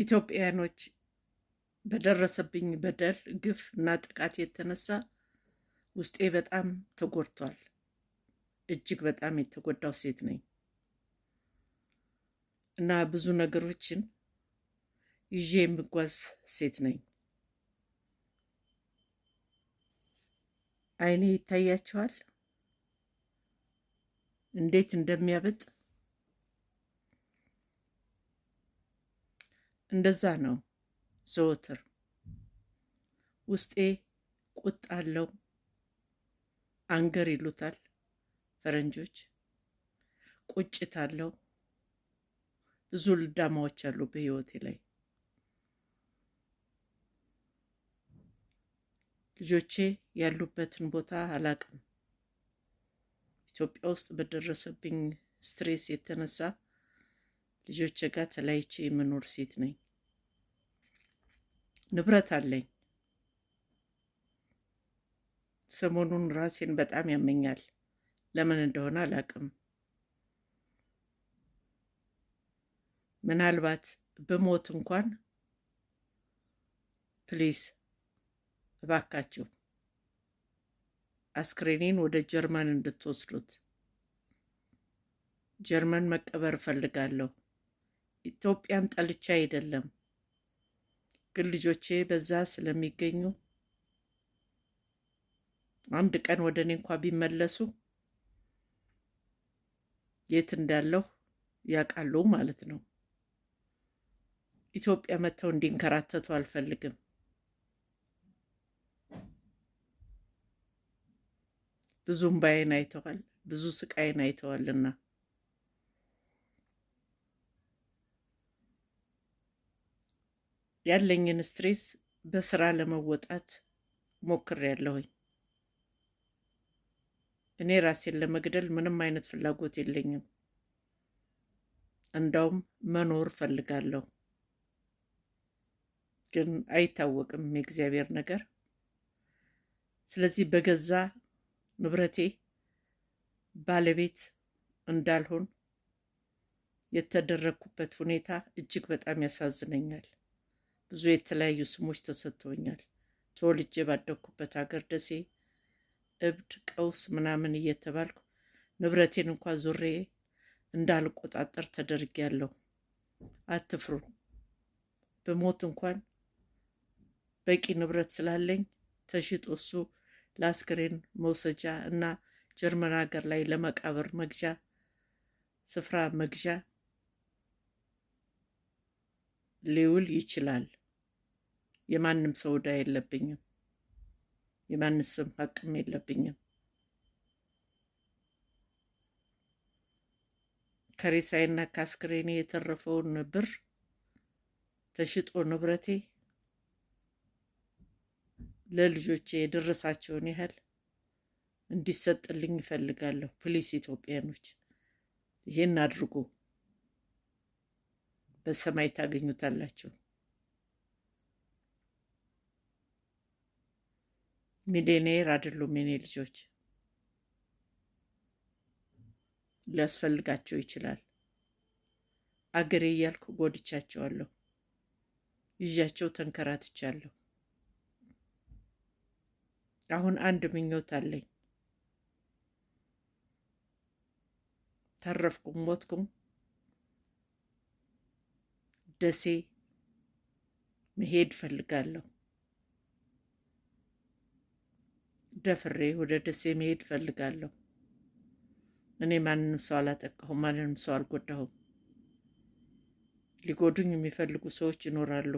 ኢትዮጵያኖች በደረሰብኝ በደል፣ ግፍ እና ጥቃት የተነሳ ውስጤ በጣም ተጎድቷል። እጅግ በጣም የተጎዳው ሴት ነኝ እና ብዙ ነገሮችን ይዤ የምጓዝ ሴት ነኝ። አይኔ ይታያቸዋል እንዴት እንደሚያበጥ እንደዛ ነው ዘወትር። ውስጤ ቁጣ አለው። አንገር ይሉታል ፈረንጆች። ቁጭት አለው። ብዙ ልዳማዎች አሉ በህይወቴ ላይ። ልጆቼ ያሉበትን ቦታ አላቅም። ኢትዮጵያ ውስጥ በደረሰብኝ ስትሬስ የተነሳ ልጆቼ ጋር ተለያይቼ የምኖር ሴት ነኝ። ንብረት አለኝ። ሰሞኑን ራሴን በጣም ያመኛል። ለምን እንደሆነ አላቅም። ምናልባት ብሞት እንኳን ፕሊዝ እባካችሁ አስክሬኔን ወደ ጀርመን እንድትወስዱት። ጀርመን መቀበር እፈልጋለሁ። ኢትዮጵያን ጠልቻ አይደለም። ግን ልጆቼ በዛ ስለሚገኙ አንድ ቀን ወደ እኔ እንኳ ቢመለሱ የት እንዳለሁ ያውቃሉ ማለት ነው። ኢትዮጵያ መጥተው እንዲንከራተቱ አልፈልግም። ብዙም ባይን አይተዋል፣ ብዙ ስቃይን አይተዋልና ያለኝን ስትሬስ በስራ ለመወጣት ሞክር ያለሁኝ። እኔ ራሴን ለመግደል ምንም አይነት ፍላጎት የለኝም። እንዳውም መኖር ፈልጋለሁ። ግን አይታወቅም የእግዚአብሔር ነገር። ስለዚህ በገዛ ንብረቴ ባለቤት እንዳልሆን የተደረግኩበት ሁኔታ እጅግ በጣም ያሳዝነኛል። ብዙ የተለያዩ ስሞች ተሰጥተውኛል። ተወልጄ ባደግኩበት ሀገር ደሴ እብድ፣ ቀውስ ምናምን እየተባልኩ ንብረቴን እንኳ ዙሬ እንዳልቆጣጠር ተደርጌያለሁ። አትፍሩ። ብሞት እንኳን በቂ ንብረት ስላለኝ ተሽጦ እሱ ለአስክሬን መውሰጃ እና ጀርመን ሀገር ላይ ለመቃብር መግዣ ስፍራ መግዣ ሊውል ይችላል። የማንም ሰው ዕዳ የለብኝም። የማንስም ሀቅም የለብኝም። ከሬሳዬና ከአስክሬኔ የተረፈውን ብር ተሽጦ ንብረቴ ለልጆቼ የደረሳቸውን ያህል እንዲሰጥልኝ ይፈልጋለሁ። ፕሊስ ኢትዮጵያኖች ይሄን አድርጎ በሰማይ ታገኙታላቸው። ሚሊዮኔር አይደሉም የኔ ልጆች። ሊያስፈልጋቸው ይችላል። አገሬ እያልኩ ጎድቻቸዋለሁ፣ ይዣቸው ተንከራትቻለሁ። አሁን አንድ ምኞት አለኝ። ተረፍኩም ሞትኩም ደሴ መሄድ ፈልጋለሁ። ደፍሬ ወደ ደሴ መሄድ እፈልጋለሁ። እኔ ማንንም ሰው አላጠቃሁም፣ ማንንም ሰው አልጎዳሁም። ሊጎዱኝ የሚፈልጉ ሰዎች ይኖራሉ።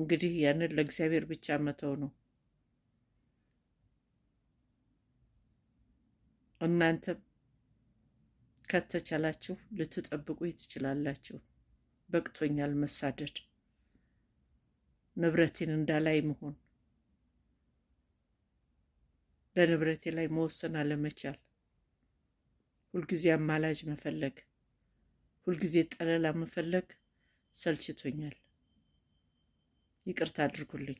እንግዲህ ያንን ለእግዚአብሔር ብቻ መተው ነው። እናንተም ከተቻላችሁ ልትጠብቁ ትችላላችሁ። በቅቶኛል መሳደድ፣ ንብረቴን እንዳላይ መሆን በንብረቴ ላይ መወሰን አለመቻል፣ ሁልጊዜ አማላጅ መፈለግ፣ ሁልጊዜ ጠለላ መፈለግ ሰልችቶኛል። ይቅርታ አድርጉልኝ።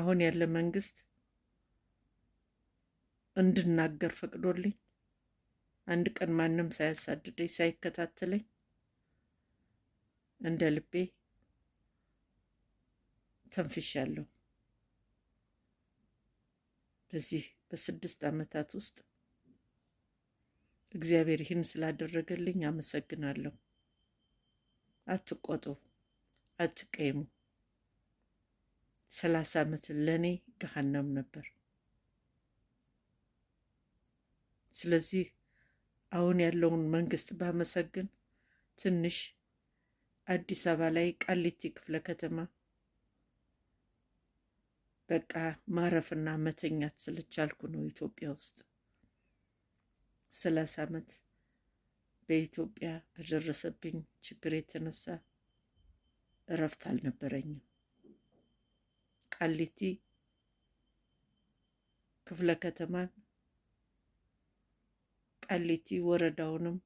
አሁን ያለ መንግስት እንድናገር ፈቅዶልኝ አንድ ቀን ማንም ሳያሳድደኝ ሳይከታተለኝ እንደ ልቤ ተንፍሻለሁ። በዚህ በስድስት ዓመታት ውስጥ እግዚአብሔር ይህን ስላደረገልኝ አመሰግናለሁ። አትቆጡ፣ አትቀይሙ። ሰላሳ ዓመት ለእኔ ገሃነም ነበር። ስለዚህ አሁን ያለውን መንግስት ባመሰግን ትንሽ አዲስ አበባ ላይ ቃሊቲ ክፍለ ከተማ በቃ ማረፍና መተኛት ስልቻልኩ ነው። ኢትዮጵያ ውስጥ ሰላሳ ዓመት በኢትዮጵያ በደረሰብኝ ችግር የተነሳ እረፍት አልነበረኝም። ቃሊቲ ክፍለ ከተማን ቃሊቲ ወረዳውንም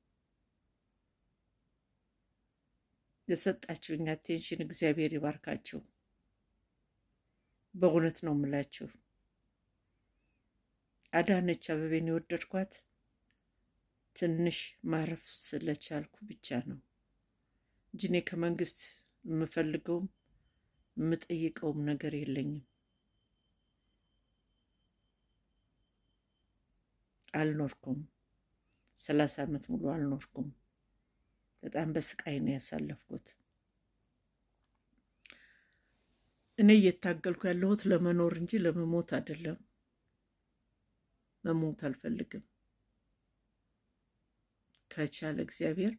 የሰጣችሁኝ አቴንሽን እግዚአብሔር ይባርካቸው። በእውነት ነው የምላችሁ። አዳነች አበቤን የወደድኳት ትንሽ ማረፍ ስለቻልኩ ብቻ ነው እንጂ እኔ ከመንግስት የምፈልገውም የምጠይቀውም ነገር የለኝም። አልኖርኩም። ሰላሳ ዓመት ሙሉ አልኖርኩም። በጣም በስቃይ ነው ያሳለፍኩት። እኔ እየታገልኩ ያለሁት ለመኖር እንጂ ለመሞት አይደለም። መሞት አልፈልግም። ከቻለ እግዚአብሔር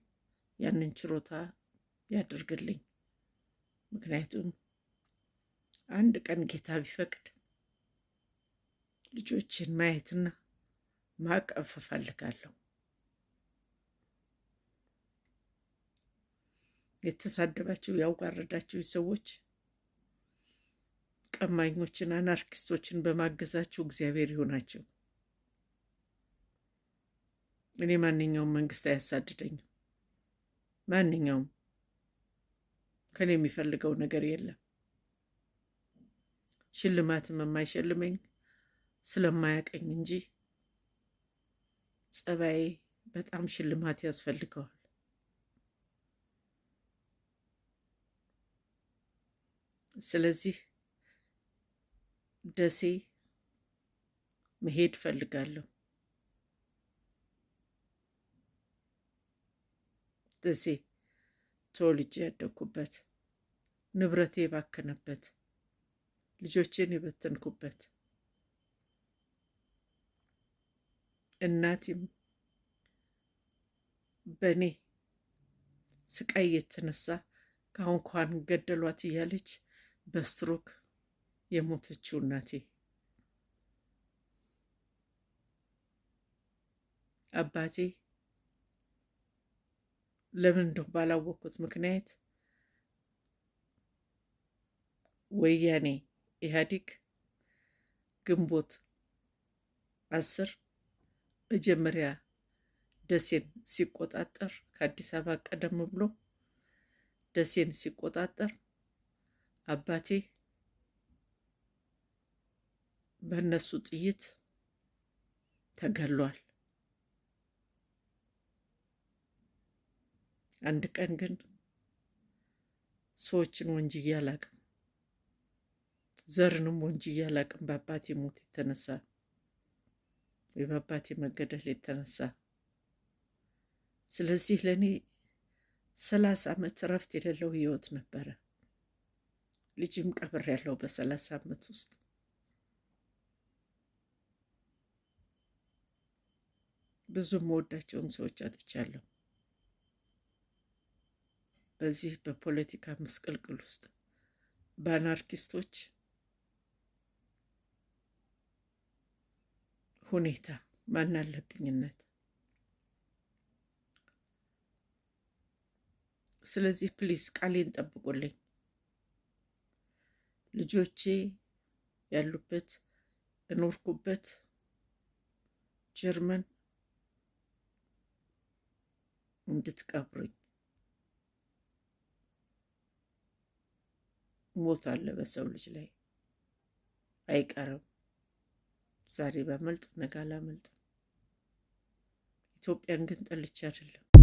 ያንን ችሮታ ያደርግልኝ። ምክንያቱም አንድ ቀን ጌታ ቢፈቅድ ልጆችን ማየትና ማቀፍ እፈልጋለሁ። የተሳደባችሁ ያዋረዳችሁ ሰዎች ቀማኞችን፣ አናርኪስቶችን በማገዛቸው እግዚአብሔር ይሆናቸው። እኔ ማንኛውም መንግስት አያሳድደኝም። ማንኛውም ከኔ የሚፈልገው ነገር የለም። ሽልማትም የማይሸልመኝ ስለማያቀኝ እንጂ ጸባዬ በጣም ሽልማት ያስፈልገዋል። ስለዚህ ደሴ መሄድ ፈልጋለሁ። ደሴ ተወልጄ ያደግኩበት፣ ንብረቴ የባከነበት፣ ልጆቼን የበተንኩበት፣ እናቴም በእኔ ስቃይ የተነሳ ከአሁን ካሁን ገደሏት እያለች በስትሮክ የሞተችው እናቴ አባቴ ለምን እንደሁ ባላወቅኩት ምክንያት ወያኔ ኢህአዲግ ግንቦት አስር መጀመሪያ ደሴን ሲቆጣጠር ከአዲስ አበባ ቀደም ብሎ ደሴን ሲቆጣጠር አባቴ በእነሱ ጥይት ተገሏል። አንድ ቀን ግን ሰዎችን ወንጅ እያላቅም ዘርንም ወንጅ እያላቅም በአባቴ ሞት የተነሳ ወይ በአባቴ መገደል የተነሳ ስለዚህ ለእኔ ሰላሳ ዓመት እረፍት የሌለው ህይወት ነበረ። ልጅም ቀብር ያለው በሰላሳ ዓመት ውስጥ ብዙ መወዳቸውን ሰዎች አጥቻለሁ። በዚህ በፖለቲካ ምስቅልቅል ውስጥ በአናርኪስቶች ሁኔታ ማናለብኝነት። ስለዚህ ፕሊዝ ቃሌን ጠብቁልኝ። ልጆቼ ያሉበት እኖርኩበት ጀርመን እንድትቀብሩኝ ሞት አለ በሰው ልጅ ላይ አይቀርም። ዛሬ በመልጥ ነገ አላመልጥም። ኢትዮጵያን ግን ጠልቼ አይደለም።